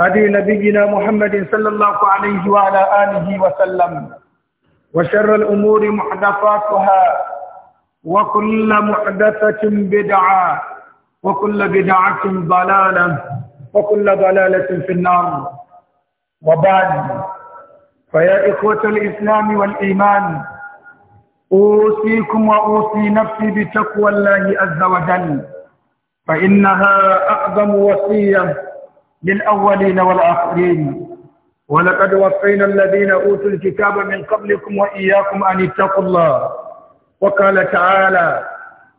هدي نبينا محمد صلى الله عليه وعلى آله وسلم وشر الأمور محدثاتها وكل محدثة بدعة وكل بدعة ضلالة وكل ضلالة في النار وبعد فيا إخوة الإسلام والإيمان أوصيكم وأوصي نفسي بتقوى الله عز وجل فإنها أعظم وصية للأولين والآخرين ولقد وصينا الذين أوتوا الكتاب من قبلكم وإياكم أن اتقوا الله وقال تعالى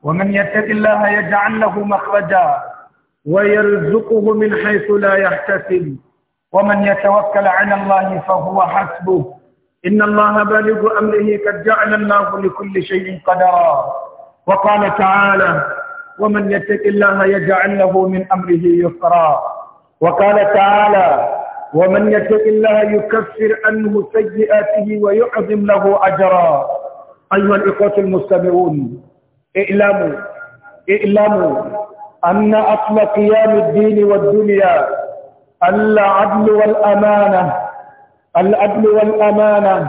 ومن يتق الله يجعل له مخرجا ويرزقه من حيث لا يحتسب ومن يتوكل على الله فهو حسبه إن الله بالغ أمره قد جعل الله لكل شيء قدرا وقال تعالى ومن يتق الله يجعل له من أمره يسرا وقال تعالى ومن يتق الله يكفر عنه سيئاته ويعظم له أجرا أيها الإخوة المستمعون اعلموا اعلموا أن أصل قيام الدين والدنيا العدل والأمانة العدل والأمانة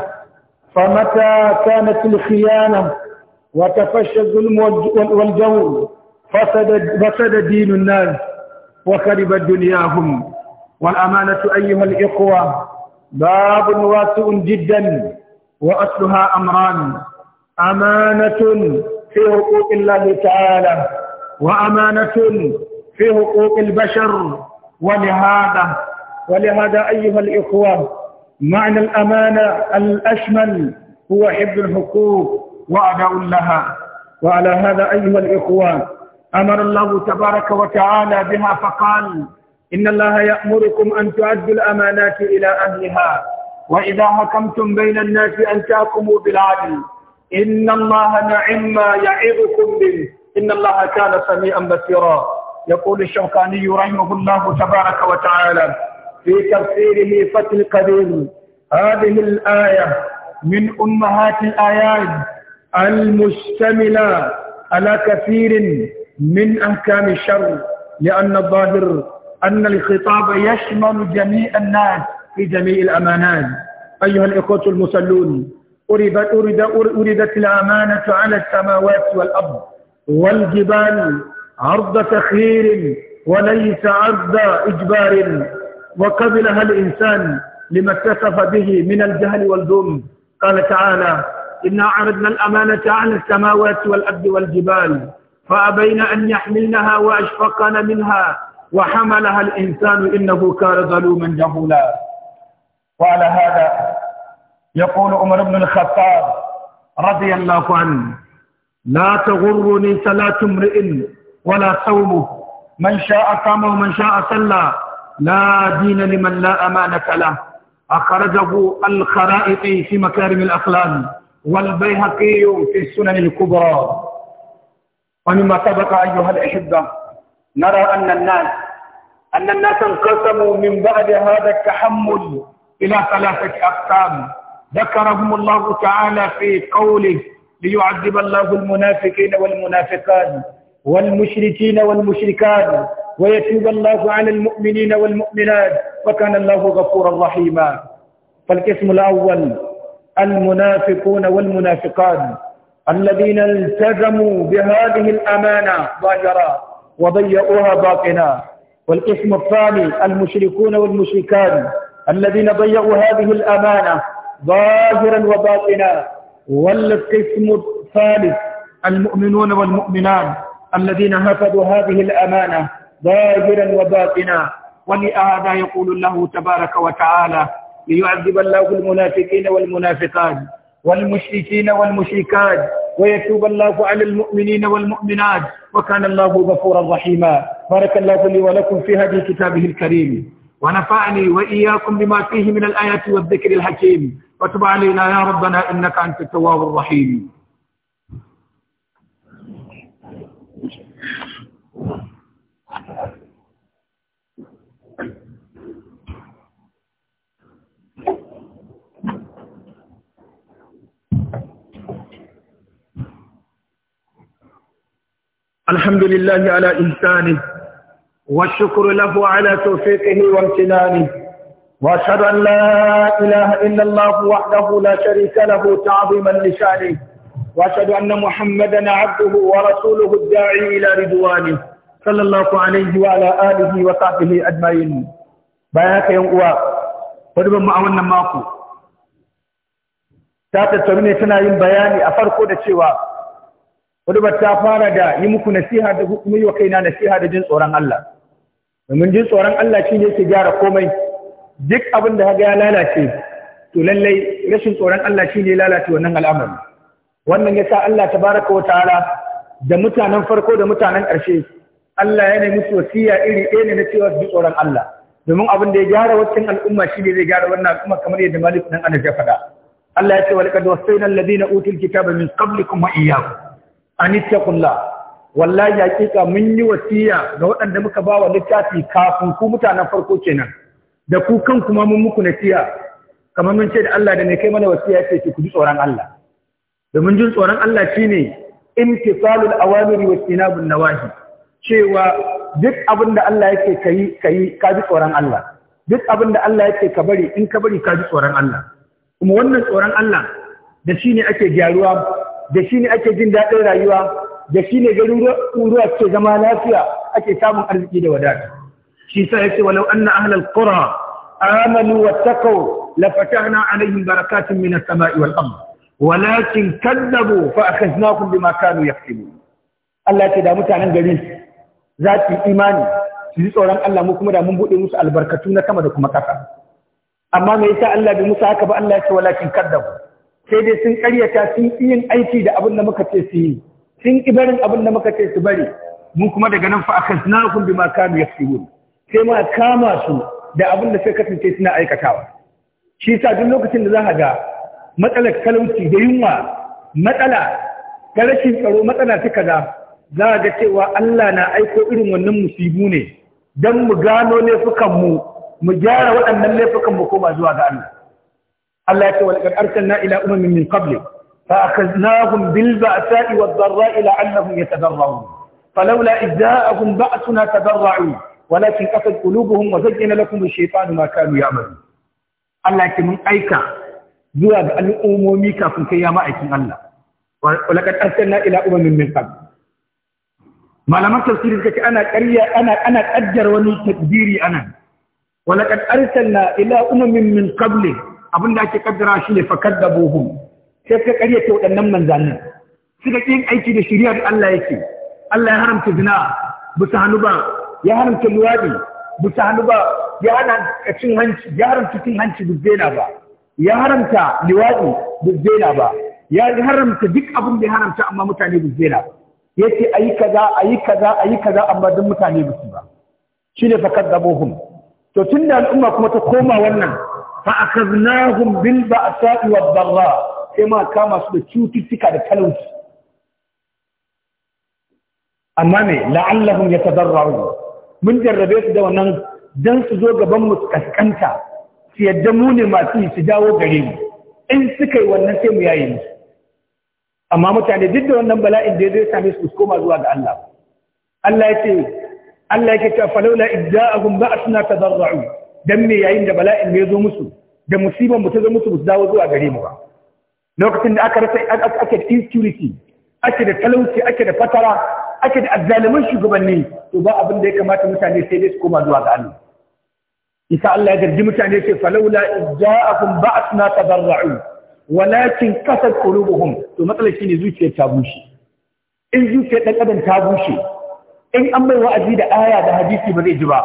فمتى كانت الخيانة وتفشى الظلم والجور فسد, فسد دين الناس وخرب دنياهم والأمانة أيها الإخوة باب واسع جدا وأصلها أمران أمانة في حقوق الله تعالى وأمانة في حقوق البشر ولهذا ولهذا أيها الإخوة معنى الأمانة الأشمل هو حفظ الحقوق وأداء لها وعلى هذا أيها الإخوة أمر الله تبارك وتعالى بها فقال إن الله يأمركم أن تؤدوا الأمانات إلى أهلها وإذا حكمتم بين الناس أن تحكموا بالعدل إن الله نعم ما يعظكم به إن الله كان سميعا بصيرا يقول الشوكاني رحمه الله تبارك وتعالى في تفسيره فتح القدير هذه الآية من أمهات الآيات المشتملة على كثير من أحكام الشر لأن الظاهر أن الخطاب يشمل جميع الناس في جميع الأمانات أيها الإخوة المسلون أردت, أرد أردت الأمانة على السماوات والأرض والجبال عرض تخيير وليس عرض إجبار وقبلها الإنسان لما اتصف به من الجهل والذم قال تعالى إنا عرضنا الأمانة على السماوات والأرض والجبال فأبين أن يحملنها وأشفقن منها وحملها الإنسان إنه كان ظلوما جهولا وعلى هذا يقول عمر بن الخطاب رضي الله عنه لا تغرني صلاة امرئ ولا صومه من شاء قام ومن شاء صلى لا دين لمن لا أمانة له أخرجه الخرائطي في مكارم الأخلاق والبيهقي في السنن الكبرى ومما سبق أيها الأحبة نرى أن الناس أن الناس انقسموا من بعد هذا التحمل إلى ثلاثة أقسام ذكرهم الله تعالى في قوله ليعذب الله المنافقين والمنافقات والمشركين والمشركات ويتوب الله على المؤمنين والمؤمنات وكان الله غفورا رحيما فالقسم الأول المنافقون والمنافقات الذين التزموا بهذه الأمانة ظاهرا وضيعوها باطنا والقسم الثاني المشركون والمشركان الذين ضيعوا هذه الأمانة ظاهرا وباطنا والقسم الثالث المؤمنون والمؤمنان الذين هفدوا هذه الأمانة ظاهرا وباطنا ولهذا يقول الله تبارك وتعالى ليعذب الله المنافقين والمنافقات والمشركين والمشركات ويتوب الله على المؤمنين والمؤمنات وكان الله غفورا رحيما بارك الله لي ولكم في هذه كتابه الكريم ونفعني وإياكم بما فيه من الآيات والذكر الحكيم وتب علينا يا ربنا إنك أنت التواب الرحيم الحمد لله على إنسانه والشكر له على توفيقه وامتنانه وأشهد أن لا إله إلا الله وحده لا شريك له تعظيما لشانه وأشهد أن محمدا عبده ورسوله الداعي إلى رضوانه صلى الله عليه وعلى آله وصحبه أجمعين بياك يا أخوة قدما معنا ماكو ta tattaru ne tana yin bayani a farko da cewa Hudubar ta fara da yi muku nasiha da kuma yi wa kaina nasiha da jin tsoron Allah. Domin jin tsoron Allah shi ne ke gyara komai, duk abin da ya lalace, to lallai rashin tsoron Allah shi ne lalace wannan al'amari. Wannan ya sa Allah ta baraka wa ta'ala da mutanen farko da mutanen ƙarshe, Allah ya nemi wasiya iri ɗaya ne na cewa su ji tsoron Allah. Domin abin da ya gyara wancan al'umma shi ne zai gyara wannan al'umma kamar yadda Malik nan Anas ya faɗa. Allah ya ce wa laqad wasayna alladhina utul kitaba min qablikum wa iyyakum an ittaqullah wallahi hakika mun yi wasiya ga waɗanda muka ba wa littafi kafin ku mutanen farko kenan da ku kan kuma mun muku nasiya kamar mun ce da Allah da ne kai mana wasiya ce ku ji tsoron Allah domin jin tsoron Allah shine imtisalul awamiri wa tinabun nawahi cewa duk abin da Allah yake kai kai ka ji tsoron Allah duk abin da Allah yake ka bari in ka bari ka ji tsoron Allah kuma wannan tsoron Allah da shine ake gyaruwa da shi ne ake jin daɗin rayuwa da shi ne garuruwa ke zama lafiya ake samun arziki da wadata shi sa yace walau anna ahlal qura amanu wattaqu lafatahna alaihim barakatun minas sama'i wal ard walakin kadzabu fa akhadnahum bima kanu mu. Allah ce da mutanen gari za su imani su ji tsoron Allah mu kuma da mun buɗe musu albarkatu na sama da kuma ƙasa amma me yasa Allah bi musu haka ba Allah ya ce walakin kadzabu sai dai sun karyata sun yin aiki da abin da muka ce su yi sun barin abin da muka ce su bari mun kuma daga nan fa akan suna bi ma kamu ya fi sai ma kama su da abin da sai kasance suna aikatawa shi sa duk lokacin da za a ga matsalar talauci da yunwa matsala ta rashin tsaro matsala ta kaza za a ga cewa Allah na aiko irin wannan musibu ne don mu gano laifukanmu mu gyara waɗannan laifukanmu mu koma zuwa ga Allah Allah ya ce wal qad na ila umamin min qablik fa akhadnahum bil ba'sa'i wad dharra'i la'annahum yatadarrun falawla idh ja'ahum suna tadarra'u walakin qasad qulubuhum wa zayyana lakum ash shefanu ma kanu ya'malun Allah ya ce mun aika zuwa ga al'ummomi kafin kai ya ma'aikin Allah wal qad na ila umamin min qablik malaman tafsiri suka ce ana ƙarya ana ana kaddar wani takbiri anan wala kad na ila umamin min qabli abin da ake kaddara shi ne fakar da buhun sai suka karyata waɗannan manzannin suka ƙin aiki da shirya da Allah yake Allah ya haramta zina bisa hannu ba ya haramta luwadi bisa hannu ba ya haramta cin hanci ya haramta cin hanci ba ya haramta luwadi bizzena ba ya haramta duk abin da ya haramta amma mutane bizzena ba a ayi kaza yi kaza ayi kaza amma duk mutane bisu ba shine fakar da buhun to tunda al'umma kuma ta koma wannan fa akaznahum ba ba'sa'i wad barra sai ma kama su da cututtuka da talauci amma ne la'allahum yatadarra'un mun jarrabe su da wannan don su zo gaban mu su kaskanta su yadda mu ne masu yi su dawo gare mu in suka yi wannan sai mu yayi musu amma mutane duk da wannan bala'in da ya zai same su koma zuwa ga Allah Allah yake Allah yake a falawla suna ba'athna tadarra'u dan me yayin da bala'in ne zo musu da musibar mu ta zo musu su dawo zuwa gare mu ba lokacin da aka rasa ake da insecurity ake da talauci ake da fatara ake da azzaliman shugabanni to ba abin da ya kamata mutane sai dai su koma zuwa ga Allah isa Allah ya garji mutane ce falawla idza'akum ba'athna tadarra'u walakin kasat qulubuhum to matsalar shine zuciyar ta bushe in zuciyar dan adam ta bushe in an bai wa'azi da aya da hadisi ba zai ji ba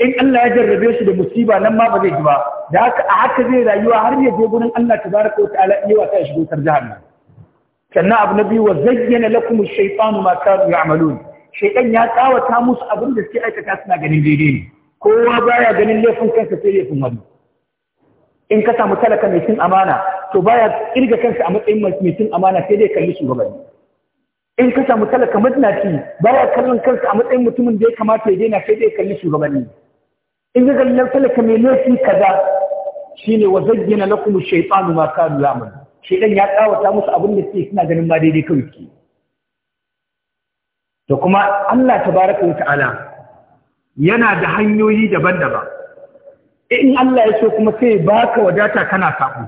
in Allah ya jarrabe shi da musiba nan ma ba zai ji ba da haka a haka zai rayuwa har ya je gurin Allah tabaraka wa ta'ala iya wata shi tar jahannam sannan abu na biyu wa zayyana lakum ash shaytan ma kanu ya'malun shaytan ya tsawata musu abin da suke aikata suna ganin daidai ne kowa baya ganin laifin kansa sai laifin wani in ka samu talaka mai cin amana to baya kirga kansa a matsayin mai cin amana sai dai kalli shugabanni in ka samu talaka madnaci baya kallon kansa a matsayin mutumin da ya kamata ya daina sai dai kalli shugabanni in ga gallan talaka mai laifi kaza shine wa na kuma shaifanu ma kanu Shi shedan ya kawata musu abin da suke suna ganin ma daidai kawai ke da kuma Allah Ta baraka wa ta'ala yana da hanyoyi daban-daban in Allah ya so kuma sai baka wadata kana sabo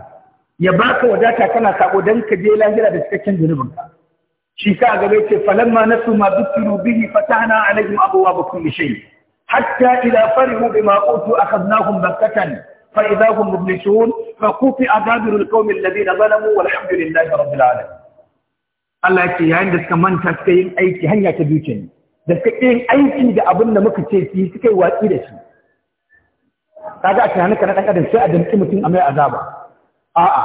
ya baka wadata kana sabo dan ka je lahira da cikakken zunubinka shi ka gaba yace falamma nasu ma bikiru bihi fatahna alaihim abwaaba kulli shay' حتى إذا فرحوا بما أوتوا أخذناهم بكة فإذا هم مبلسون فقطع دابر القوم الذين ظلموا والحمد لله رب العالمين Allah ya ce yayin da suka manta suka yin aiki hanya ta biyu ne da suka yin aiki da abin da muka ce su suka yi watsi da shi kaga a tunanin ka na dan sai a danki mutum a mai azaba a'a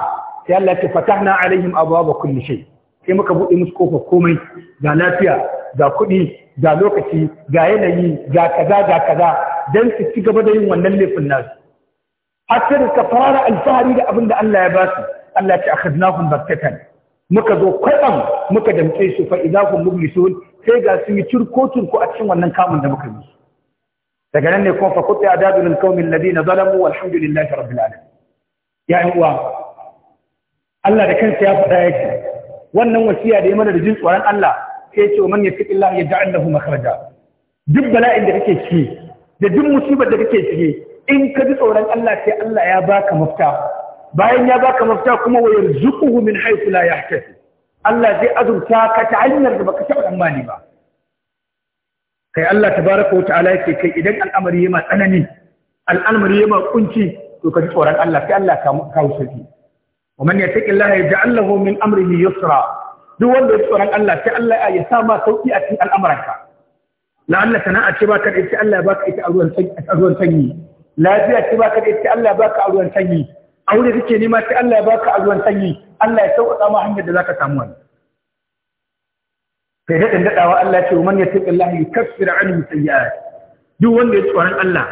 sai Allah ya ce fatahna alaihim ba kulli shai, sai muka buɗe musu kofar komai ga lafiya ga kuɗi ga lokaci ga yanayi ga kaza ga kaza dan su ci gaba da yin wannan laifin nasu har sai da alfahari da abin da Allah ya ba su Allah ce akhadnahum baktatan muka zo kwatsam muka damce su fa idahum mublisun sai ga su yi turko turko a cikin wannan kamun da muka yi daga nan ne kuma fa kutti adabul qaumi alladhina zalamu walhamdulillahi rabbil alamin ya uwa Allah da kansa ya faɗa yake wannan wasiya da ya mana da jin tsoron Allah sai ce wa ya yattaqillah yaj'al lahu makhraja duk bala'in da kake ciki da duk musibar da kake ciki in ka ji tsoron Allah sai Allah ya baka mafita bayan ya baka mafita kuma wa yarzuquhu min haythu la yahtasib Allah zai azurta ka ta hanyar da baka taɓa tsammani ba kai Allah tabaraka wa ta'ala yake kai idan al'amari yana tsanani al'amari yana kunci to ka ji tsoron Allah sai Allah ka kawo sauki ومن يتق الله يجعل له من امره يسرا duk wanda ya tsoron Allah sai Allah ya sa ma sauki a cikin al'amuranka la'alla sana'a ce baka da ita Allah ya baka ita a ruwan sanyi lafiya ce baka da ita Allah ya baka a ruwan sanyi aure kake nema sai Allah ya baka a ruwan sanyi Allah ya sauƙaƙa ma hanyar da zaka samu wani sai da dadawa Allah ya ce man yattaqillahi yukaffir anhu sayyi'at duk wanda ya tsoron Allah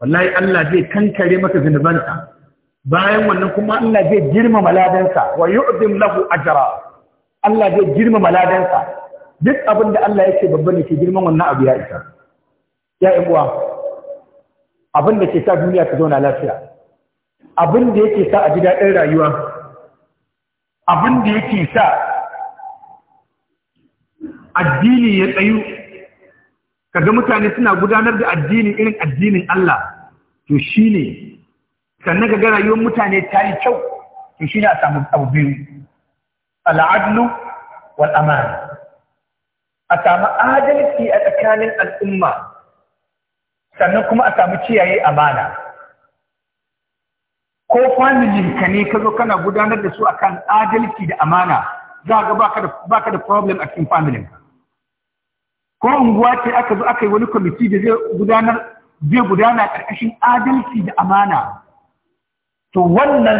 wallahi Allah zai kankare maka zunubanka bayan wannan kuma Allah zai girmama ladansa wa yu'zim lahu ajra Allah zai girmama ladansa duk abin da Allah yake babban ne girman wannan abu ya isa ya yi uwa abin da ke sa duniya ta zauna lafiya abin da yake sa a ji daɗin rayuwa abin da yake sa addini ya tsayu kaga mutane suna gudanar da addini irin addinin Allah to shi ne. sannan ga rayuwar mutane ta yi kyau to shi ne a samu abu biyu al'adlu wal a sami adalci a tsakanin al'umma sannan kuma a sami ciyaye amana ko familin ka ne ka zo kana gudanar da su akan adalci da amana za ga baka da problem a cikin familin ko unguwa ce aka zo aka yi wani kwamiti da zai gudanar zai gudana ƙarƙashin adalci da amana to wannan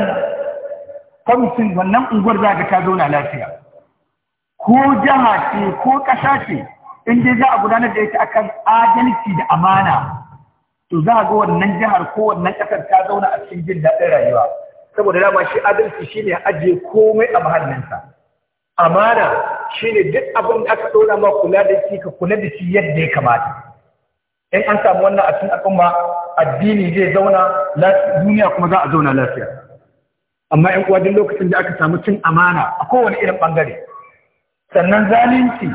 kwamitin wannan unguwar za ka ta zauna lafiya ko jaha ce ko ƙasa ce in dai za a gudanar da ita akan adalci da amana to za a ga wannan jihar ko wannan ƙasar ta zauna a cikin jin daɗin rayuwa saboda dama shi adalci shine ajiye komai a mahallinsa amana shine duk abin da aka ɗora ma kula da shi ka kula da shi yadda ya kamata in an samu wannan a cikin al'umma addini zai zauna duniya kuma za a zauna lafiya amma ‘yan uwa duk lokacin da aka samu cin amana a kowane irin ɓangare sannan zalunci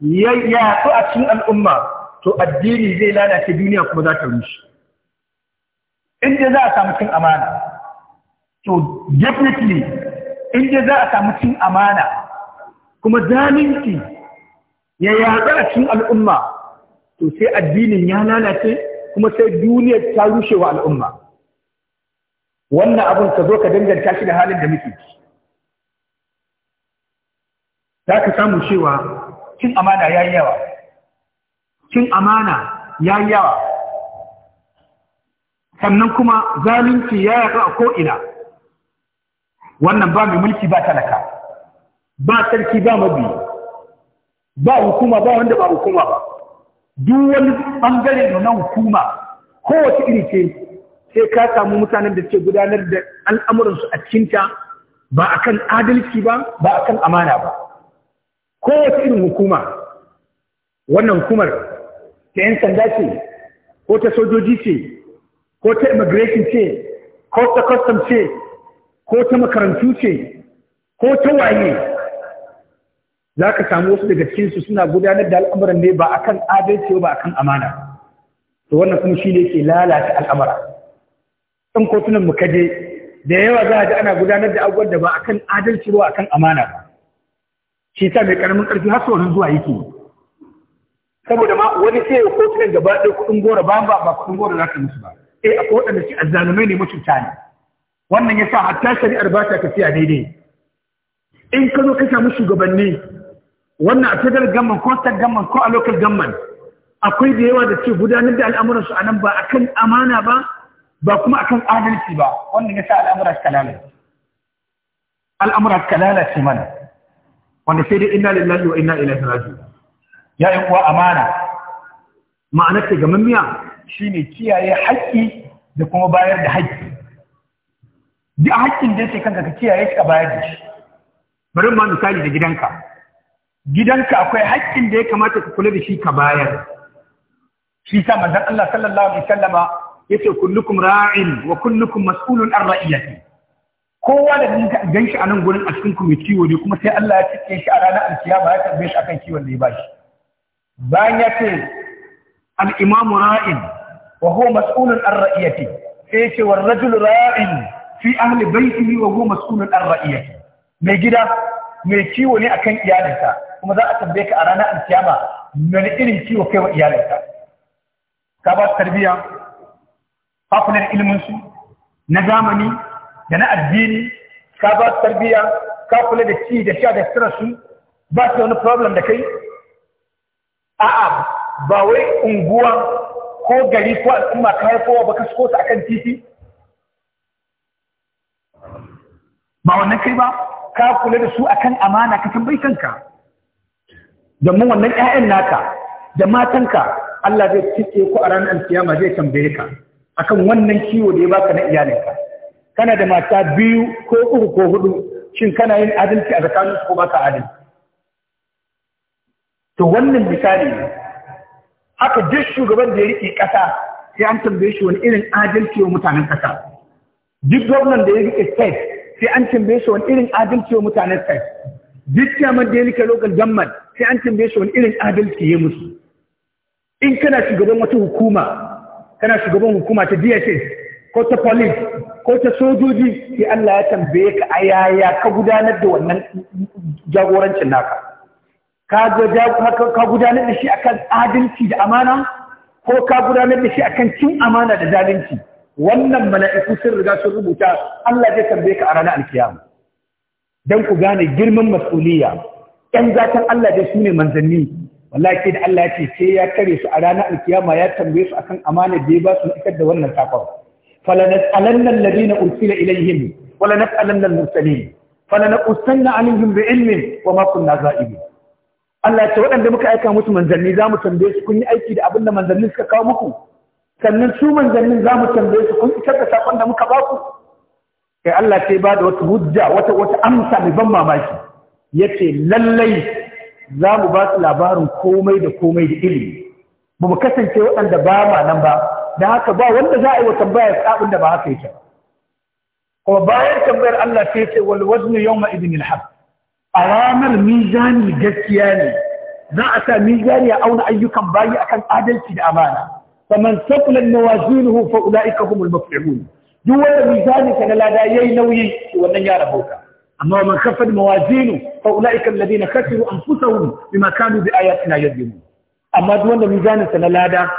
ya yato a cikin al'umma to addini zai lalace duniya kuma za ta rushe inda za a samu cin amana to definitely inda za a samu cin amana kuma zalunci ya yato a cikin al'umma to sai addinin ya lalace kuma sai duniya ta rushe wa al'umma wannan abin ka zo ka danganta shi da halin da muke za ka samu cewa cin amana ya yi yawa cin amana ya yi yawa sannan kuma zalunci ya yaɗu a ko'ina wannan ba mai mulki ba talaka ba sarki ba mabi ba hukuma ba wanda ba hukuma ba duk wani ɓangare na hukuma kowace iri ce sai ka samu mutanen da suke gudanar da al'amuransu a cikinta ba a kan adalci ba ba a kan amana ba kowace irin hukuma wannan hukumar ta 'yan sanda ce ko ta sojoji ce ko ta immigration ce ko ta custom ce ko ta makarantu ce ko ta waye za ka samu wasu daga cikinsu suna gudanar da al'amuran ne ba a kan adalci ba a kan amana to wannan kuma shi ne ke lalata al'amura ɗan kotunan mu kaje da yawa za a ji ana gudanar da abubuwan da ba akan adalci ba akan amana ba shi ta mai karamin ƙarfi har sau zuwa yake saboda ma wani sai kotunan gaba ɗaya kuɗin gora ba ba ba kuɗin gora za ka musu ba eh akwai waɗanda shi azzalumai ne mutunta ne wannan yasa hatta shari'ar ba ta tafiya daidai in ka zo ka samu shugabanni wannan a federal gamman ko state gamman ko a local gamman akwai da yawa da ce gudanar da al'amuransu a nan ba kan amana ba ba kuma akan adalci ba wanda ya sa al'amura suka lalace al'amura suka lalace mana wanda sai dai inna lillahi wa ina ilaihi raji'un ya yi kuwa amana ma'anar ta gaman miya shi ne kiyaye haƙƙi da kuma bayar da haƙƙi duk haƙƙin da ce kanka ka kiyaye shi ka bayar da shi bari ma misali da gidanka gidanka akwai haƙƙin da ya kamata ka kula da shi ka bayar shi sa manzon Allah sallallahu alaihi wasallama yace kullukum ra'in wa kullukum mas'ulun an ra'iyati kowa da gan shi a nan gurin a cikin kuma kiwo ne kuma sai Allah ya cike shi a ranar alkiyama ya tambaye shi akan kiwon da ya bashi bayan ya ce al-imamu ra'in wa huwa mas'ulun an ra'iyati sai ce war rajul ra'in fi ahli baitihi wa huwa mas'ulun an ra'iyati mai gida mai kiwo ne akan iyalinsa kuma za a tambaye ka a ranar alkiyama wani irin kiwo kai wa iyalinka ka ba su tarbiyya fafular iliminsu na zamani da na addini ka ba su tarbiyya ka kula da ci da sha da sirarsu ba su wani problem da kai a'a ba wai unguwa ko gari ko al'umma ka haifowa ba ka so su akan titi ba wannan kai ba ka kula da su akan amana ka tambayi kanka domin wannan 'ya'yan naka da matanka Allah zai cike ku a ranar alkiyama zai tambaye ka akan wannan kiwo da ya baka na iyalinka kana da mata biyu ko uku ko hudu shin kana yin adalci a tsakanin ko baka adalci to wannan misali ne haka duk shugaban da ya rike ƙasa sai an tambaye shi wani irin adalci wa mutanen ƙasa duk gwamnan da ya rike state sai an tambaye shi wani irin adalci wa mutanen state duk chairman da ya rike local government sai an tambaye shi wani irin adalci ya musu in kana shugaban wata hukuma kana shugaban hukuma ta DSS ko ta police ko ta sojoji sai Allah ya tambaye ka a ka gudanar da wannan jagorancin naka ka gudanar da shi akan adalci da amana ko ka gudanar da shi akan cin amana da zalunci wannan mala'iku sun riga sun rubuta Allah zai tambaye ka a ranar alkiyama dan ku gane girman mas'uliyya 'yan zatan Allah dai su manzanni wallahi da Allah ce ya kare su a ranar alkiyama ya tambaye su akan amana da ya ba su ikar da wannan sakon falanas'alanna alladhina ursila ilayhim walanas'alanna al-mursalin falanaqussanna alaihim bi'ilmin wa ma kunna za'ibin Allah ce waɗanda muka aika musu manzanni za mu tambaye su kun yi aiki da abin da manzanni suka kawo muku sannan su manzannin za mu tambaye su kun isar da saƙon da muka ba ku kai Allah sai ba da wata hujja wata wata amsa mai ban mamaki yace lallai za mu ba su labarin komai da komai da ilimi ba mu kasance waɗanda ba ma nan ba da haka ba wanda za a yi wa tambaya abin da ba haka yake kuma bayan tambayar Allah sai ce wal waznu yawma idin al haq a ranar mizani gaskiya ne za a sa mizani ya auna ayyukan bayi akan adalci da amana faman saqulat mawazinuhu fa ulaika humul muflihun duk wanda mizani kana lada yayi nauyi wannan ya rabauta amma man kafat mawazinu fa ulaika alladhina khasiru anfusahum bima kanu bi ayatina yadhlimun amma duk wanda mizanin sa na lada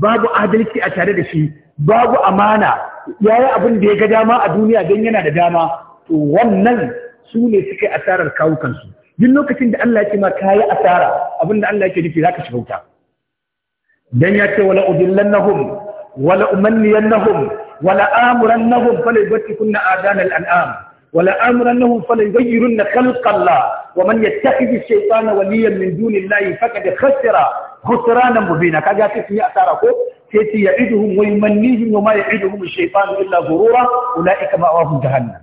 babu adalci a tare da shi babu amana yayi abin da ya ga dama a duniya dan yana da dama to wannan su ne suke asarar kawukansu. kansu duk lokacin da Allah yake ma kayi asara abin da Allah yake nufi zaka shiga wuta dan ya ce wala udillannahum wala umanniyannahum wala amurannahum kunna adanal an'am ولا امرنهم فليغيرن خلق الله ومن يتخذ الشيطان وليا من دون الله فقد خسر خسرانا مبينا كاجا تسمي اثاركو تيتي يعدهم ويمنيهم وما يعدهم الشيطان الا غرورا اولئك ماواهم جهنم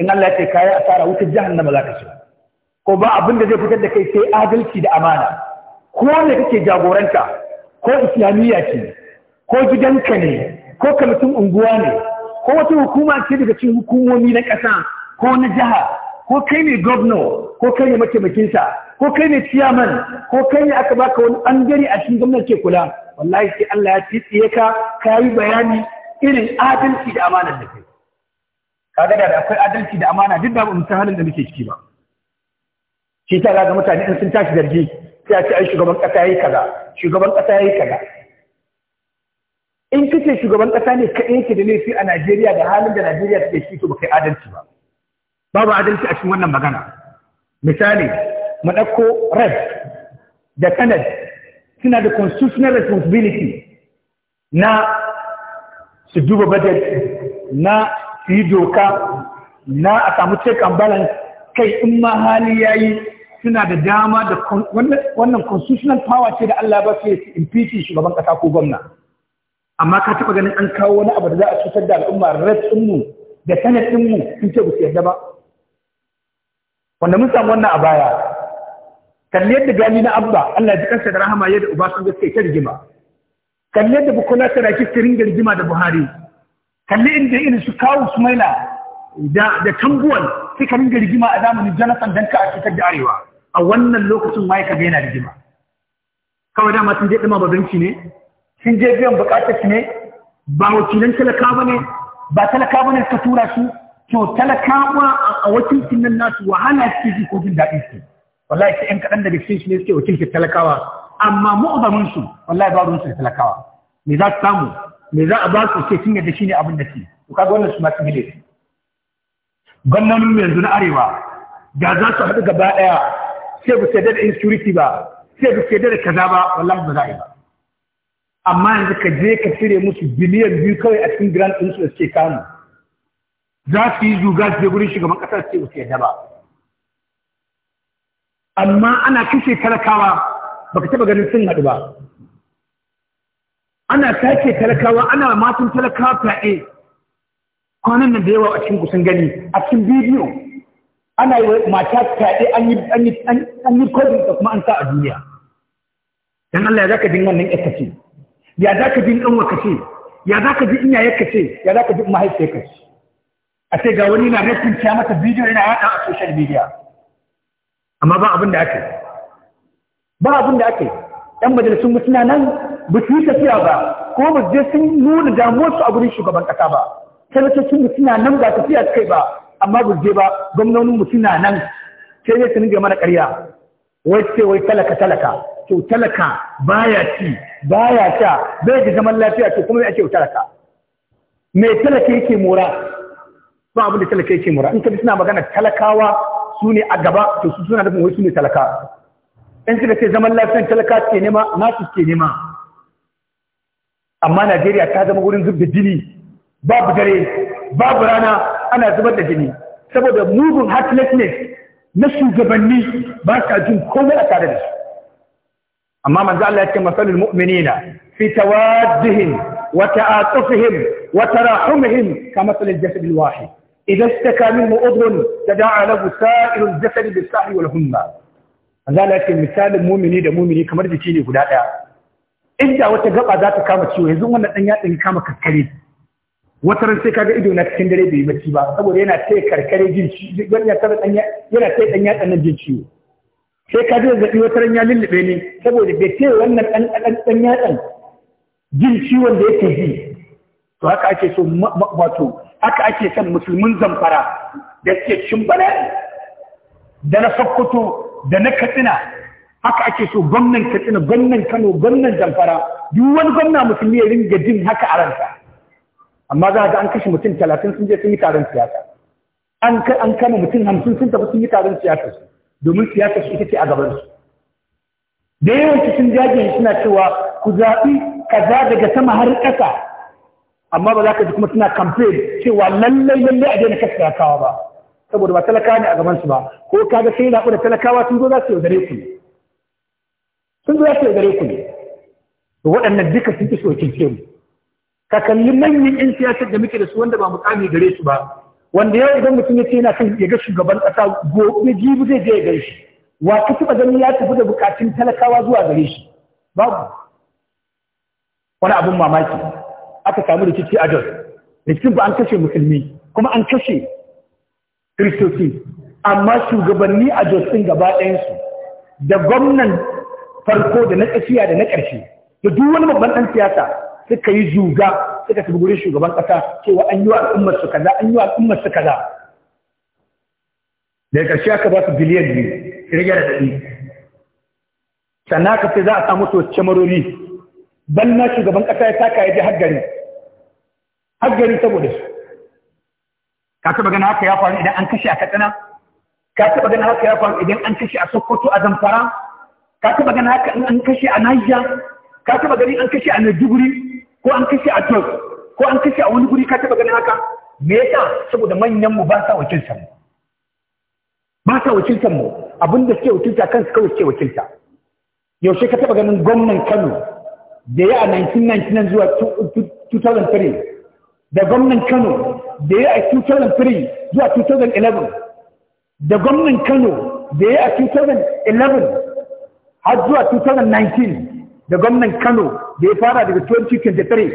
in Allah ka kayi asara wutar jahannama za ka shiga ko ba abin da zai fitar da kai sai adalci da amana ko ne kake jagoranta ko islamiyya ce ko gidanka ne ko kamitin unguwa ne ko wata hukuma ce daga cikin hukumomi na ƙasa ko na jiha ko kai ne gwamna ko kai ne mataimakinsa ko kai ne ciyaman ko kai ne aka baka wani ɓangare a cikin gwamnati ke kula wallahi sai Allah ya tsitsiye ka ka yi bayani irin adalci da amana da kai kaga da akwai adalci da amana duk da mutum halin da muke ciki ba shi ta ga mutane in sun tashi zargi sai a ce ai shugaban kasa yayi kaza shugaban kasa yayi kaza in kace shugaban ƙasa ne kaɗai yake da laifi a Najeriya da halin da Najeriya ta shi to baka yi adalci ba babu adalci a cikin wannan magana misali mu ɗauko red da kanad suna da constitutional responsibility na su duba budget na su yi doka na a samu check and balance kai in ma hali yayi suna da dama da wannan constitutional power ce da Allah ba su in impeaching shugaban ƙasa ko gwamna amma ka taɓa ganin an kawo wani abu da za a cutar da al'umma ratsinmu da sanatinmu sun ce ba su yarda ba wanda mun samu wannan a baya kalli yadda gani na abba Allah ji kansa da rahama yadda uba sun gaske ta rigima kalli yadda bukola saraki ta ringa rigima da buhari kalli inda yi su kawo sumaila da da tambuwan ka ringa rigima a zamanin jonathan dan ka a cutar da arewa a wannan lokacin ma ya yana rigima kawai dama sun je ɗima babanci ne sun je biyan bukatar su ne ba wakilan talaka ba ne ba talaka ba ne suka tura su to talakawa a wakilcin nan nasu wahala su ji ko jin daɗi su wallahi sai ƴan kaɗan daga cikin su ne suke wakilcin talakawa amma mu'azamin su wallahi ba ruwansu da talakawa me za su samu me za a ba su sai sun yadda ne abin da ke to kaga wannan su ma su gile gwamnonin yanzu na arewa da za su haɗu gaba ɗaya sai ba su da insecurity ba sai ba su da kaza ba wallahi ba za a yi ba amma yanzu ka je ka cire musu biliyan biyu kawai a cikin grand ɗin su da suke kamu za su yi zuga su je gurin shugaban ƙasa su ce ba yadda ba amma ana kashe talakawa baka taba ganin sun haɗu ba ana sake talakawa ana matan talakawa fa'e kwanan nan da yawa a cikin kusan gani a cikin bidiyo ana yi mata fa'e an yi kodin da kuma an sa a duniya don Allah ya zaka jin wannan ƙasashe ya za ka ji in ɗanwa ce ya za ka ji in yayar ce ya za ka ji in mahaifiyar ka ce a ce ga wani na rashin ciya masa bidiyo yana yada a social media amma ba abin da aka ba abin da aka Yan majalisun mutuna nan ba su yi tafiya ba ko ba je sun nuna damuwarsu a gurin shugaban ƙasa ba sanatocin mutuna nan ba tafiya kai ba amma ba je ba gwamnonin mutuna nan sai zai su ninge mana ƙarya wai ce wai talaka talaka to talaka baya ci baya ta bai da zaman lafiya to kuma ake talaka me talaka yake mura ba abin da talaka yake mura in ka suna magana talakawa su ne a gaba to su suna da wai su ne talaka in ka ce zaman lafiyan talaka suke nema nasu ne nema amma Najeriya ta zama wurin zub da jini babu dare babu rana ana zubar da jini saboda mugun heartlessness na shugabanni ba ta jin komai a tare da su amma manzo Allah ya ce masalul mu'minina fi tawaddihim wa ta'atufihim wa tarahumihim ka masalil jasad al wahid idza istaka minhu udhun tada'a lahu sa'iru al jasad bis sahi wal humma manzo Allah ya ce misalin mu'mini da mu'mini kamar jiki ne guda daya inda wata gaba za ta kama ciwo yanzu wannan dan ya din kama kakkare wata ran sai kaga ido na cikin dare bai yi bacci ba saboda yana taya karkare jin ciwo yana taya dan ya dan jin ciwo sai ka da zazzaɓi wata ran ya lullube ni saboda bai ce wannan ɗan ɗan ɗan jin ciwon da yake ji to haka ake so wato haka ake son musulmin zamfara da suke cikin bane da na sokoto da na katsina haka ake so gwamnan katsina gwamnan kano gwamnan zamfara duk wani gwamna musulmi ya ringa jin haka a ransa amma za ga an kashe mutum talatin sun je sun yi taron siyasa an kama mutum hamsin sun tafi sun yi taron siyasa su domin siyasa su ita ce a gabansu da yawanci sun jage suna cewa ku zaɓi kaza daga sama har ƙasa amma ba za ka ji kuma suna kamfen cewa lallai lallai a daina kasa talakawa ba saboda ba talakawa ne a gabansu ba ko kaga sai zaɓu da talakawa sun zo za su yaudare ku ne sun zo za su yaudare ku ne waɗannan duka sun ki sokin mu ka kalli manyan 'yan siyasar da muke da su wanda ba mu mukami gare su ba wanda yau idan mutum ya ce yana kan ya ga shugaban ƙasa gobe jibi zai je ya gare shi wa ka taɓa ganin ya tafi da bukatun talakawa zuwa gare shi babu wani abin mamaki aka samu rikici a jos rikicin ba an kashe musulmi kuma an kashe kiristoci amma shugabanni a jos ɗin gaba ɗayansu da gwamnan farko da na tsakiya da na ƙarshe da duk wani babban ɗan siyasa suka yi zuga suka tafi gurin shugaban ƙasa cewa an yi wa al'ummar su kaza an yi wa al'ummar su kaza daga ƙarshe aka ba su biliyan biyu rage da ɗari sannan aka ce za a samu su marori. banna shugaban ƙasa ya taka ya ji haggari haggari saboda su ka taɓa gana haka ya faru idan an kashe a katsina ka taɓa gana haka ya faru idan an kashe a sokoto a zamfara ka taɓa gana haka in an kashe a naija ka taɓa gani an kashe a maiduguri ko an kashe a Jos ko an kashe a wani guri ka taba ganin haka me yasa saboda manyan mu ba sa wakiltar mu ba sa wakiltar mu abinda suke wakilta kansu kawai suke wakilta yaushe ka taba ganin gwamnan Kano da ya a 1999 zuwa 2003 da gwamnan Kano da ya a 2003 zuwa 2011 da gwamnan Kano da ya a 2011 har zuwa 2019 da gwamnan Kano da ya fara daga 2023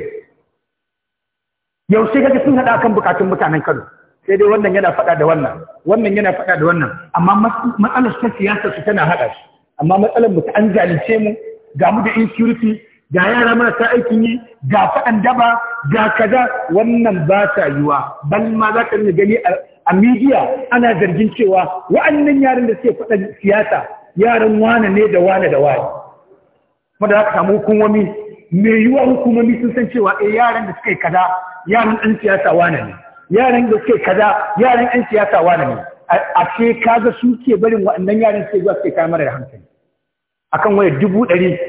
yaushe kaga sun hada kan bukatun mutanen Kano sai dai wannan yana faɗa da wannan wannan yana faɗa da wannan amma matsalar ta siyasa su tana haɗa su amma matsalar mu ta an jalice mu ga mu da insecurity ga yara marasa aikin yi ga faɗan daba ga kaza wannan ba ta yiwa ban ma za ka gani a midiya ana zargin cewa wa'annan yaran da suke faɗan siyasa yaran wane ne da wane da wane wanda za ka samu hukumomi mai yiwuwa hukumomi sun san cewa a eh, yaran da suka yi kaza yaran ɗan siyasa wane ne yaran da suka yi kaza yaran ɗan siyasa wane ne a ce kaga su ke barin waɗannan yaran suke zuwa suke kayan marar hankali akan waya dubu ɗari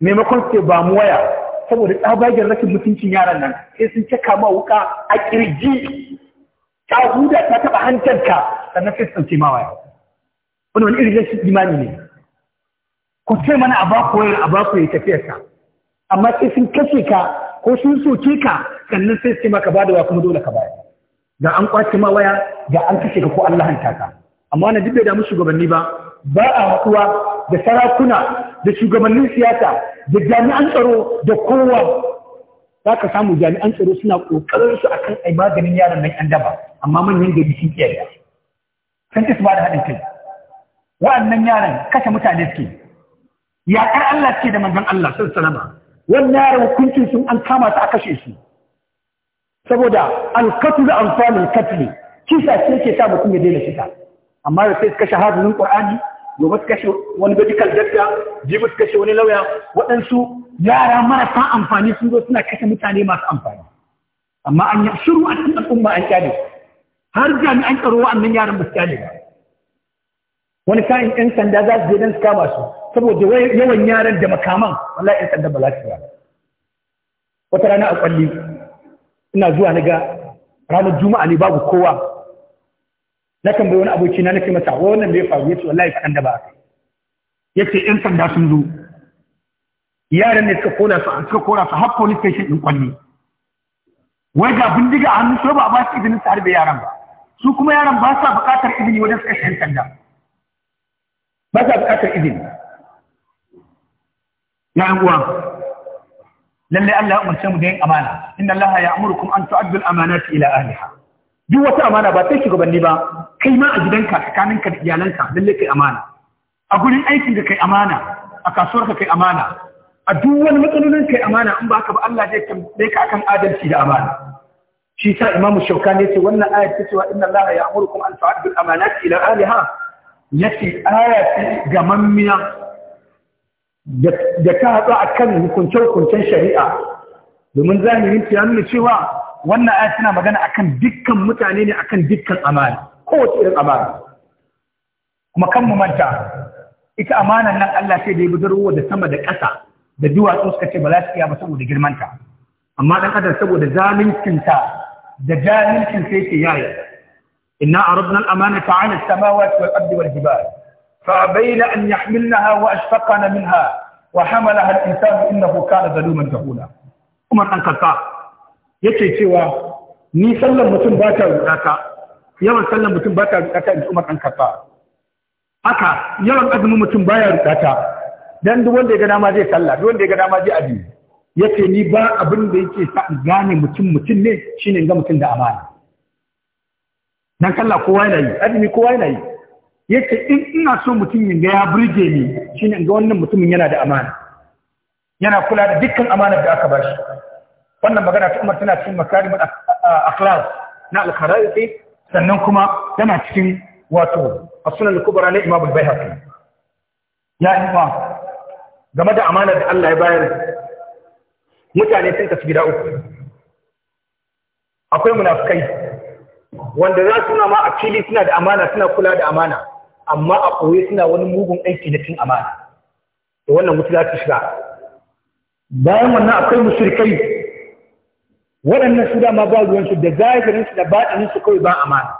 maimakon suke ba mu waya saboda tsabagen rashin mutuncin yaran nan sai sun caka ma wuka a ƙirji ta huda ta taɓa hantarka sannan sai su ɗauke ma waya wani wani irin rashin imani ne ku ce mana a ba ku a ba ku yi tafiyarsa amma sai sun kashe ka ko sun soke ka sannan sai su maka bada wa kuma dole ka bayar da an kwace ma waya da an kashe ka ko Allah hanta ka amma wannan duk bai damu shugabanni ba ba a haɗuwa da sarakuna da shugabannin siyasa da jami'an tsaro da kowa za ka samu jami'an tsaro suna ƙoƙarin su akan ai maganin yaran nan ƴan daba amma manyan gari sun kiyaya sun ci da haɗin kai wa'annan yaran kashe mutane suke yaƙar Allah ce da manzon Allah sun salama wannan yaran hukuncin sun an kama su a kashe su saboda alkatu da amfanin katli kisa ce ke sa mutum ya daina fita amma da sai suka shahadun qur'ani gobe suka kashe wani medical doctor jibi suka kashe wani lauya waɗansu yara marasa amfani sun zo suna kashe mutane masu amfani amma an yi shiru a cikin al'umma an kyale har jami'an tsaro wa'annan yaran ba su kyale ba wani kayan yan sanda za su je don su kama su saboda yawan yaran da makaman wala yan sanda ba za su wata rana a kwalli ina zuwa na ga ranar juma'a ne babu kowa na tambayi wani aboki na nake mata wannan da ya faru yace wallahi fadan da ba Ya yace yan sanda sun zo yaran ne suka kora su suka kora su har police station din kwalli wai ga bindiga a hannu su ba a ba su izinin su harbe yaran ba su kuma yaran ba sa bukatar izini wajen suka yan sanda ba ta bukatar izini ya uwa lalle Allah ya umarce mu da yin amana inna Allah ya amurukum an tu'addu al-amanati ila ahliha duk wata amana ba sai shugabanni ba kai ma a gidanka tsakaninka da iyalanka lalle kai amana a gurin aikin da kai amana a ka kai amana a duk wani matsalolin kai amana in ba ka ba Allah zai tambaye ka akan adalci da amana shi sa imamu shaukani yace wannan ayat ta cewa inna ya ya'murukum an tu'addu al-amanati ila ahliha yace aya ga gamammiya da ta haɗu a kan hukunce-hukuncen shari'a domin zahirin ta nuna cewa wannan aya suna magana a kan dukkan mutane ne akan dukkan amana kowace irin amana kuma kan mu ita amanan nan Allah sai da ya ruwa da sama da ƙasa da duwatsu suka ce ba za su iya ba saboda girmanta amma ɗan adam saboda zaluncinta da jahilcin sai ke yaya إنا عرضنا الأمانة ta السماوات والأرض والجبال فأبين أن يحملنها وأشفقن منها وحملها الإنسان إنه كان ظلوما جهولا عمر أن قطع yake cewa ni sallan mutum ba ta rudaka yawan sallan mutum ba ta rudaka in Umar an kafa haka yawan azumin mutum baya rudaka dan duk ya ga dama zai sallah duk ya ga dama zai azumi yace ni ba abin da yake sa gane mutum mutum ne shine ga mutum da amana dan kalla kowa yana yi azumi kowa yana yi yace in ina so mutum ya ga ya burge ni shine ne ga wannan mutumin yana da amana yana kula da dukkan amanar da aka bashi wannan magana ta Umar tana cikin makarim akhlaq na al-kharaiti sannan kuma tana cikin wato as-sunan al-kubra na Imam al-Baihaqi ya ma game da amanar da Allah ya bayar mutane sun tafi gida uku akwai munafikai wanda za su ma a fili suna da amana suna kula da amana amma a koyi suna wani mugun aiki na cin amana da wannan mutu za su shiga bayan wannan akwai musulkai waɗannan su dama ba ruwansu da zahirin su da baɗinin su kawai ba amana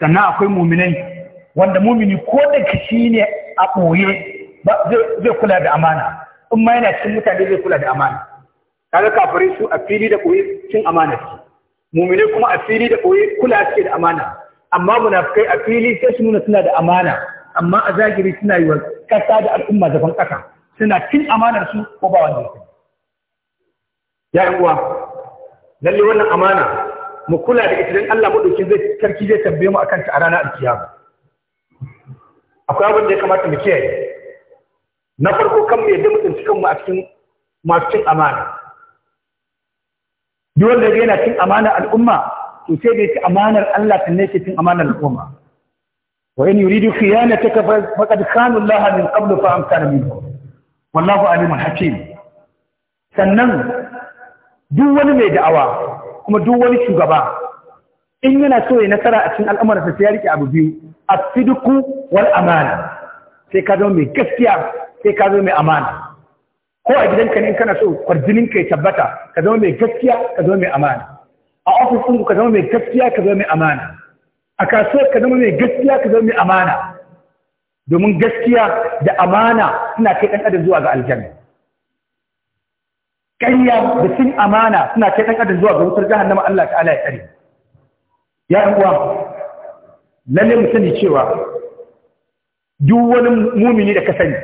sannan akwai muminai wanda mumini ko da kishi ne a ɓoye zai kula da amana in ma yana cin mutane zai kula da amana kaga kafirai su a fili da ɓoye cin amana su mumine kuma a fili da koyi kula suke da amana amma munafikai a fili sai su nuna suna da amana amma a zahiri suna yi wa kasa da al'umma zaban kasa suna cin amanar su ko ba wanda ya ya uwa lalle wannan amana mu kula da ita dan Allah madaukin zai sarki zai tambaye mu akan ta a ranar alkiyama akwai abin da ya kamata mu kiyaye na farko kan mu yadda mu cikin mu a cikin masu cin amana duk wanda yana cin amanar al'umma to sai da yake amanar Allah kan yake cin amanar al'umma wa in yuridu khiyanataka faqad khana Allah min qabl fa amkana minhu wallahu alimul hakim sannan duk wani mai da'awa kuma duk wani shugaba in yana so ya nasara a cikin al'amuransa sai ya rike abu biyu asidiku wal amana sai ka zama mai gaskiya sai ka zama mai amana ko a gidanka ne kana so kwarjinin ka ya tabbata ka zama mai gaskiya ka zama mai amana a ofis ɗin ka zama mai gaskiya ka zama mai amana a kasuwar ka zama mai gaskiya ka zama mai amana domin gaskiya da amana suna kai ɗan adam zuwa ga aljanna ƙarya da sun amana suna kai ɗan adam zuwa ga wutar jahannama Allah ta'ala ya tsari. ya ɗan uwa lalle mu sani cewa duk wani mumini da ka sani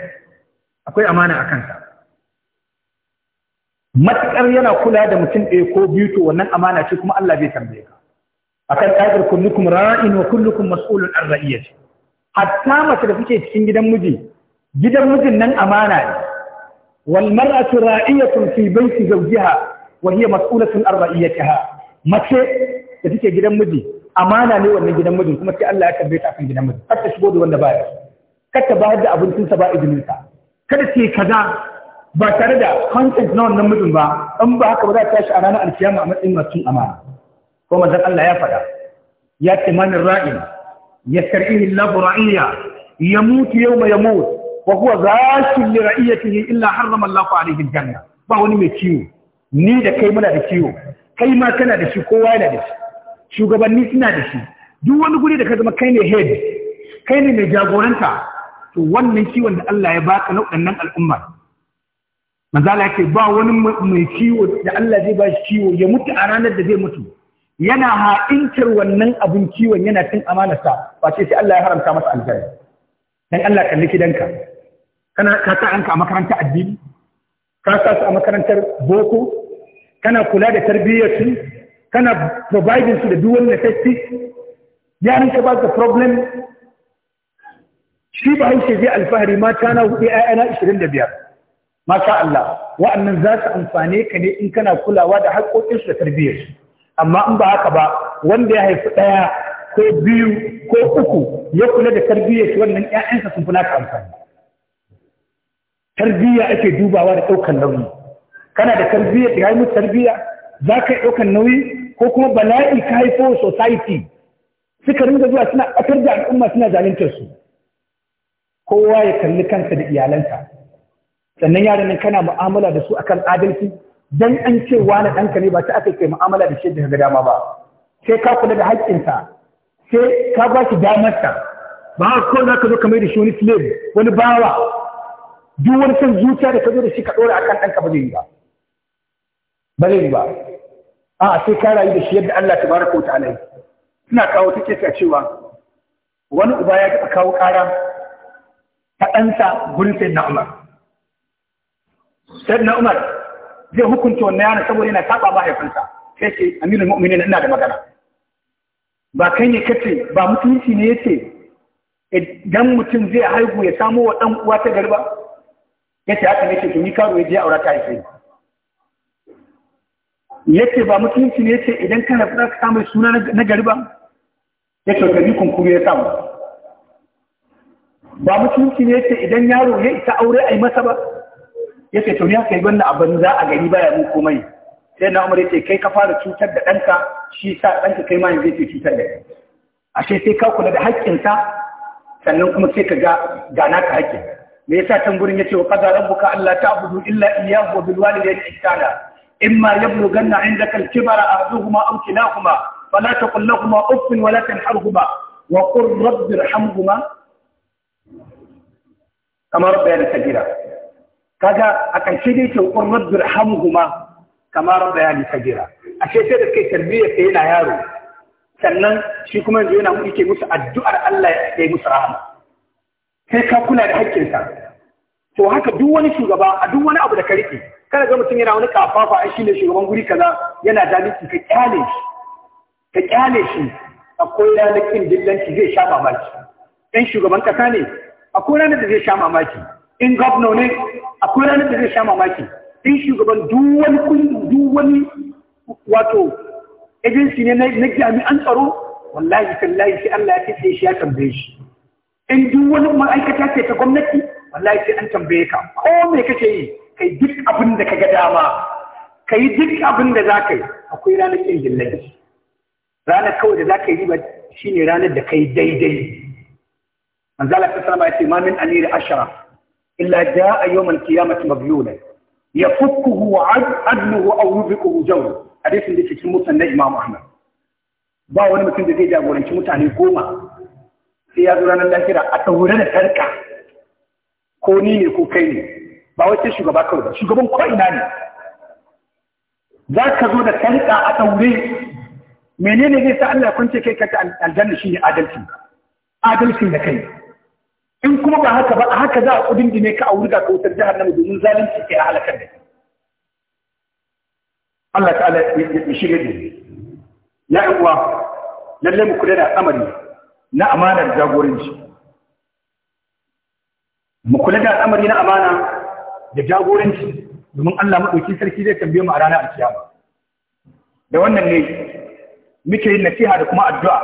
akwai amana a kansa matukar yana kula da mutum ɗaya ko biyu to wannan amana ce kuma Allah bai tambaye ka akan ƙa'idar kullukum ra'in wa kullukum mas'ulun an ra'iyati hatta mace da kuke cikin gidan miji gidan mijin nan amana ne wal mar'atu ra'iyatun fi baiti zawjiha wa hiya mas'ulatun an ra'iyatiha mace da take gidan miji amana ne wannan gidan mijin kuma sai Allah ya tambaye ta akan gidan miji kar ta shigo da wanda baya kar ta bayar da abincinsa ba izininsa kada ce kaza ba tare da content na wannan ba in ba haka ba za ta tashi a ranar alkiyama a matsayin masu amana ko manzon Allah ya faɗa ya timanin ra'in ya kar'ihi lahu ra'iya ya mutu yau mai yamut wa za zashin li ra'iyatihi illa harrama Allah alaihi aljanna ba wani mai ciwo ni da kai muna da ciwo kai ma kana da shi kowa yana da shi shugabanni suna da shi duk wani guri da ka zama kai ne head kai ne mai jagoranta to wannan ciwon da Allah ya baka na waɗannan al'ummar manzala yake ba wani mai kiwo da Allah zai ba shi ciwo ya mutu a ranar da zai mutu yana ha'intar wannan abin ciwon yana cin amanarsa ba ce sai Allah ya haramta masa aljanna dan Allah kalli gidanka kana ka sa a makarantar addini ka sa su a makarantar boko kana kula da tarbiyyar su kana providing su da duk wani necessity yaran ka ba ka problem shi ba haushe zai alfahari mata na hudu 'ya'yana 25 masha Allah wa'annan za su amfane ka ne in kana kulawa da su da tarbiyyar su. amma in ba haka ba wanda ya haifi ɗaya ko biyu ko uku ya kula da tarbiyyar su wannan ƴaƴansa sun fi naka amfani tarbiyya ake dubawa da ɗaukan nauyi kana da tarbiyya da haimu tarbiyya za ka yi ɗaukan nauyi ko kuma bala'i ka haifo society suka ringa zuwa suna ɓatar da al'umma suna zaluntar su kowa ya kalli kansa da iyalansa sannan yaran nan kana mu'amala da su akan adalci dan an ce wani ɗanka ne ba ta aka kai mu'amala da shi da ga dama ba sai ka kula da haƙƙinsa sai ka ba shi ta ba ko za ka zo kamar da shi wani slave wani bawa duk wani son zuciya da ka zo da shi ka ɗora akan ɗanka ba zai yi ba ba zai yi ba a sai ka rayu da shi yadda Allah ta baraka wata alai suna kawo ta kesa cewa wani uba ya taɓa kawo ƙara ta ɗansa gurin sai na na Umar zai hukunta wannan yana saboda yana saba mahaifinsa sai ce amirul mu'minin ina da magana ba kan ya kace ba mutunci ne yace idan mutum zai haihu ya samu wa dan uwa ta garba yace haka ne ce to ni karo ya je aura ta haife yace ba mutunci ne yace idan kana fara ka samu suna na garba yace to bi kunkuru ya samu ba mutunci ne yace idan yaro ya isa aure ai masa ba ya ce to ni haka yi wannan abin za a gari baya mun komai sai na umar kai ka fara cutar da ɗanka shi sa ɗanka kai ma yanzu yake cutar da ashe sai ka kula da sa, sannan kuma sai ka ga gana ka haƙƙin me yasa can gurin yace wa qadara rabbuka alla ta'budu illa iyyahu wa bil walidayni ihsana imma yablughanna 'indaka al-kibara ahaduhuma aw kilahuma fala taqul lahumā uff wa la tanharhumā wa qur rabbi irhamhumā kama rabbayani saghīrā kaga a ƙarshe dai ce ƙurrar durhamhuma kamar bayani kabira a ce sai da kai tarbiyyar sai yana yaro sannan shi kuma yanzu yana yake musu addu'ar Allah ya yi musu rahama sai ka kula da hakkin ka. to haka duk wani shugaba a duk wani abu da ka rike kada ga mutum yana wani kafafa ai shine shugaban guri kaza yana zalunci ka kyale shi ka kyale shi akwai ranar dillanci zai sha mamaki ɗan shugaban ƙasa ne akwai ranar da zai sha mamaki in gwamna ne akwai ranar da zai sha mamaki in shugaban duwani duwani wato agency ne na jami'an tsaro wallahi tallahi sai Allah ya ce tace shi ya tambaye shi in duwani ma'aikata ce ta gwamnati wallahi sai an tambaye ka ko me kake yi kai duk abin da ka ga dama ka yi duk abin da za ka yi akwai ranar ƙin gillaji ranar kawai da za ka yi ba shi ne ranar da ka yi daidai manzala ta sama ya ce ma min amiri ashara illa jaa yawmal qiyamati mabluna yafukkuhu adluhu aw yubikuhu jawru hadisin da ke cikin mutan na Imam Ahmad ba wani mutum da zai jagoranci mutane goma sai ya zo ranar lafiya a tsaure da sarka ko ni ne ko kai ne ba wai sai shugaba kawai ba shugaban ko ina ne za ka zo da sarka a tsaure menene zai sa Allah kwance kai ka ta aljanna shine adalcin adalcin da kai in kuma ba haka ba a haka za a kudin dine ka a wurga ka wutar nan domin zalunci ke a halakar da Allah ta'ala ya shirya da ya yi uwa lallai mu kula da amari na amanar jagoranci mu kula da amari na amana da jagoranci domin Allah maɗauki sarki zai tambaye mu a ranar alkiyama da wannan ne muke yin nasiha da kuma addu'a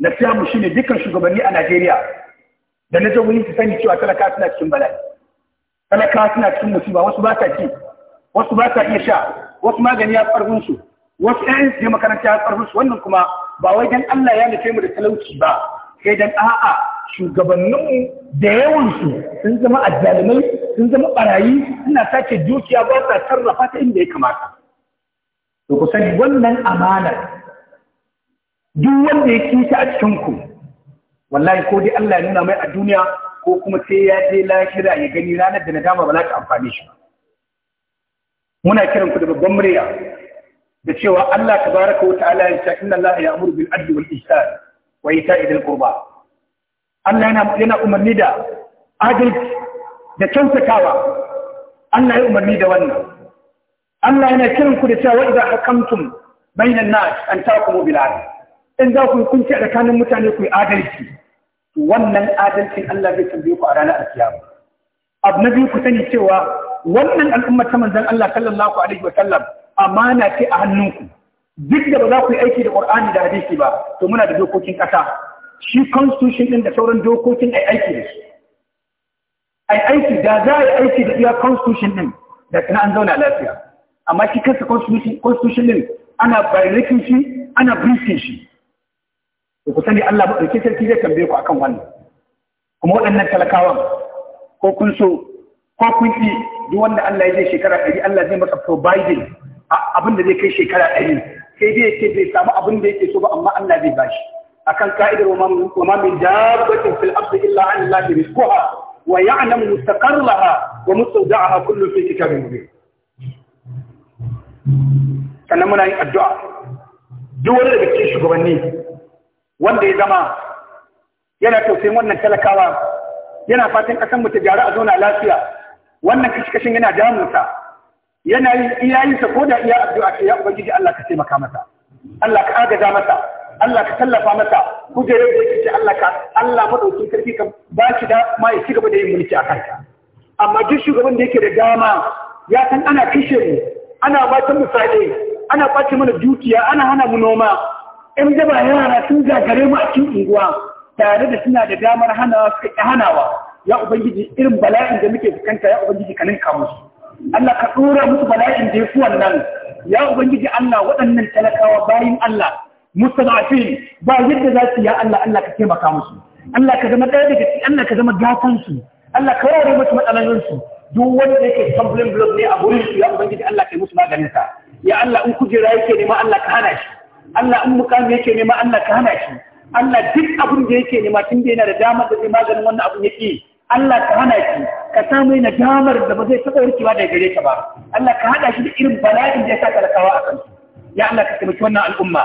nasiha mu shine dukkan shugabanni a Najeriya da na zo wuni su sani cewa talaka suna cikin bala'i talaka suna cikin musiba wasu ba ta ji wasu ba ta iya sha wasu magani ya karfin su wasu ƴaƴan su makaranta ya karfin su wannan kuma ba wai dan Allah ya nufe mu da talauci ba sai dan a'a shugabannin mu da yawansu sun zama azzalumai sun zama barayi suna sace dukiya ba sa sarrafa ta inda ya kamata to ku sani wannan amanar duk wanda ya kisa a cikin ku wallahi ko dai Allah ya nuna mai a duniya ko kuma sai ya je lahira ya gani ranar da nadama ba za ta amfani shi muna kiran ku da babban murya da cewa Allah tabaraka wa ta'ala ya ce inna Allah ya'muru bil adli wal ihsan wa ita'i dhil qurba Allah yana yana umarni da adalci da kyautatawa Allah ya umarni da wannan Allah yana kiran ku da cewa idza hakamtum bainan nas an taqumu bil adl in za ku yi kunci a tsakanin mutane ku yi adalci wannan adalcin Allah zai tambaye ku a ranar alkiyama abu na biyu ku sani cewa wannan al'ummar ta manzon Allah sallallahu alaihi wa sallam amana ce a hannunku duk da ba za ku yi aiki da Qur'ani da hadisi ba to muna da dokokin ƙasa shi constitution ɗin da sauran dokokin ai aiki da su ai aiki da za a yi aiki da iya constitution ɗin da tana an zauna lafiya amma shi kansa constitution ɗin ana bayyanakin shi ana briefin shi to ku sani Allah madauki sarki zai tambaye ku akan wannan kuma waɗannan talakawan ko kun so ko kun ki duk wanda Allah ya je shekara ɗari Allah zai masa providing abin da zai kai shekara ɗari sai dai yake bai samu abin da yake so ba amma Allah zai bashi akan ka'idar wa ma min dabbatin fil ardi illa an Allah rizquha wa ya'lamu mustaqarraha wa mustawda'aha kullu fi kitabin mubin sannan muna yin addu'a duk wanda daga cikin shugabanni wanda ya zama yana tausayin wannan talakawa yana fatan kasan mutu gyara a zauna lafiya wannan kashkashin yana damunsa yana iyayensa ko da iya addu'a ya ubangiji Allah ka taimaka masa Allah ka agaza masa Allah ka tallafa masa kujerar da yake ce Allah ka Allah madaukin karfi ka ba shi da ma ya gaba da yin mulki a kanka amma duk shugaban da yake da dama ya san ana kishe mu ana bata mu ana ɓace mana dukiya ana hana mu noma ‘yan daba yara sun zagare mu a cikin unguwa tare da suna da damar hanawa suka ƙi hanawa ya ubangiji irin bala'in da muke fuskanta ya ubangiji ka ninka musu Allah ka ɗora musu bala'in da ya fi wannan ya ubangiji Allah waɗannan talakawa bayin Allah mustada'afin ba yadda za su ya Allah Allah ka taimaka musu Allah ka zama ɗaya daga cikin Allah ka zama gafansu Allah ka rare musu matsalolinsu duk wanda yake tumbling block ne a gurin su ya ubangiji Allah ka yi musu maganin sa ya Allah in kujera yake ma Allah ka hana shi Allah in mukami yake nema Allah ka hana shi Allah duk abin da yake nema tun da yana da damar da zai maganin wannan abin yake Allah ka hana shi ka samu yana damar da ba zai taɓa ba daga gare ka ba Allah ka hada shi da irin bala'in da ya sa talakawa a kansu ya Allah ka taimaki wannan al'umma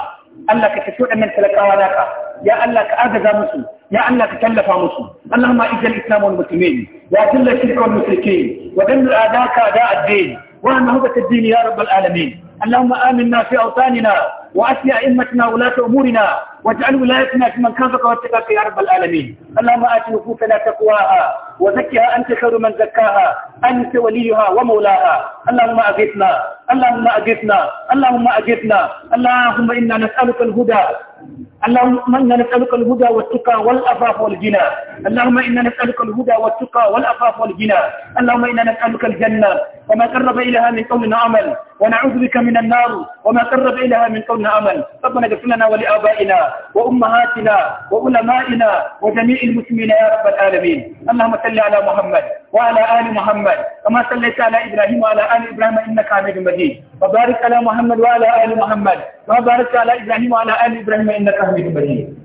Allah ka tafi waɗannan talakawa naka ya Allah ka agaza musu Ya الله تكلف مسلم اللهم اجل الاسلام والمسلمين واذل الشرك والمشركين ودمر اعداءك اعداء الدين واهم هبه الدين ya رب العالمين اللهم آمنا في أوطاننا وأسلي أئمتنا ولاة أمورنا واجعل ولايتنا في من كافك واتقاك يا رب العالمين اللهم آت نفوسنا تقواها وزكها أنت خير من زكاها أنت وليها ومولاها اللهم أغثنا اللهم أغثنا اللهم أغثنا اللهم إنا نسألك الهدى اللهم إنا نسألك الهدى والتقى والأفاف والجنى اللهم إنا نسألك الهدى والتقى والأفاف والجنى اللهم إنا نسألك الجنة وما قرب إليها من قول عمل ونعوذ بك من النار وما قرب إليها من قول عمل ربنا اغفر لنا ولآبائنا وأمهاتنا وعلمائنا وجميع المسلمين يا رب العالمين اللهم صل على محمد وعلى آل محمد كما صليت على إبراهيم وعلى آل إبراهيم إنك حميد مجيد وبارك على محمد وعلى آل محمد كما باركت على إبراهيم وعلى آل إبراهيم إنك حميد مجيد